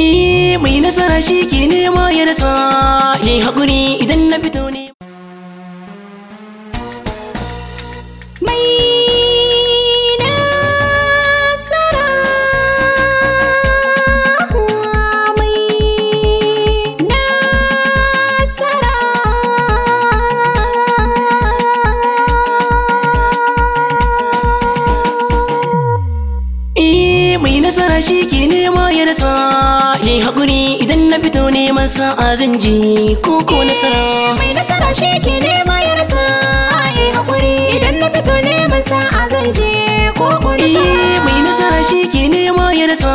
Eh mai nasara shi ke nema ya rasa, yi haƙuri idan na fito ne. mai nasara shi ke nema ya rasa ya haƙuri idan na fito neman sa'a zan ji koko nasara mai nasara shi ke nema ya rasa ya haƙuri idan na fito neman sa'a zan ji koko nasara eh, mai nasara shi ke nema ya rasa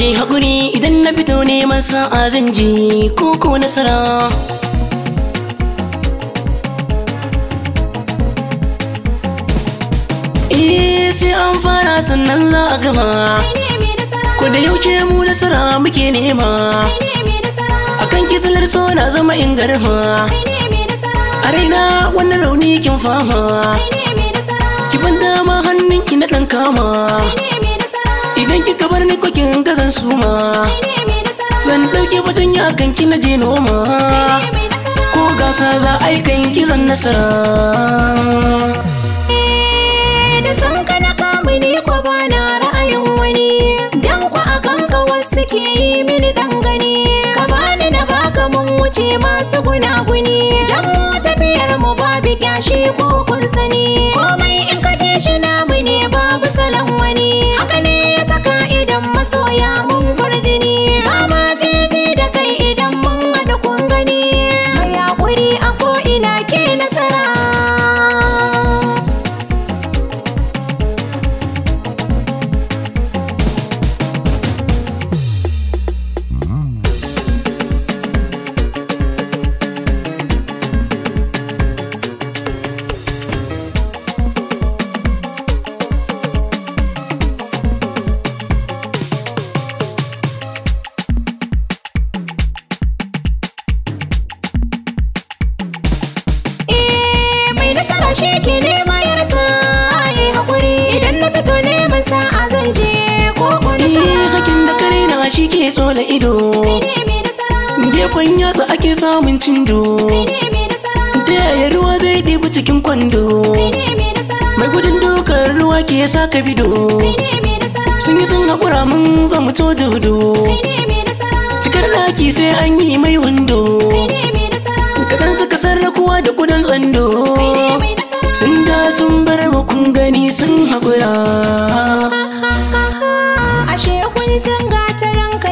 ya haƙuri idan na fito neman sa'a zan ji koko nasara sannan za a gama ku da yauce mu nasara muke nema kan kisilar so na zama in garma a raina wannan rauni kin fama ki ban dama hannun ki na dan kama idan kika bar ni kokin gagan suma zan ɗauke batun ya kan ki na je noma ko gasa za a yi kan ki nasara abu ni ba na ra'ayin wani dan ku akan ka wasu ke yi mini dan gani ka bani na baka mun wuce masu gunaguni dan mu tafiyar mu babu kyashi ko kun sani komai in ka je shi namu ne babu salon wani haka ne ya saka idan masoya mun farjini nasara shi ke nema yarsa ai hakuri idan na fito neman sa'a zan je ko kuni sa'a eh, hakin da kare na shi ke tsola ido gefen yatsa ake samun cindo ta yaya ruwa zai ɗibi cikin kwando mai gudun dokar ruwa ke sa ka bido sun yi sun haƙura mun zamu to dodo cikar ɗaki sai an yi mai wando kadan suka kuwa da kudin tsando sun da sun bar mu gani sun haƙura ashe kun tanga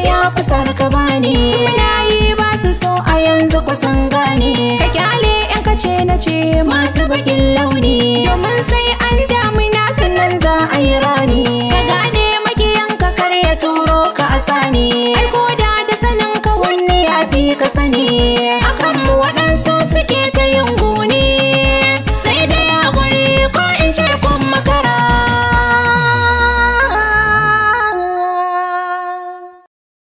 ya fi ka bani na yi ba su so a yanzu kusan gane ka kyale yan kace na ce masu bakin launi domin sai an damina sannan za a yi rani ka gane makiyanka kar ya turo ka a tsani ai ko da da sanin ka wanne ya fi ka sani akan so su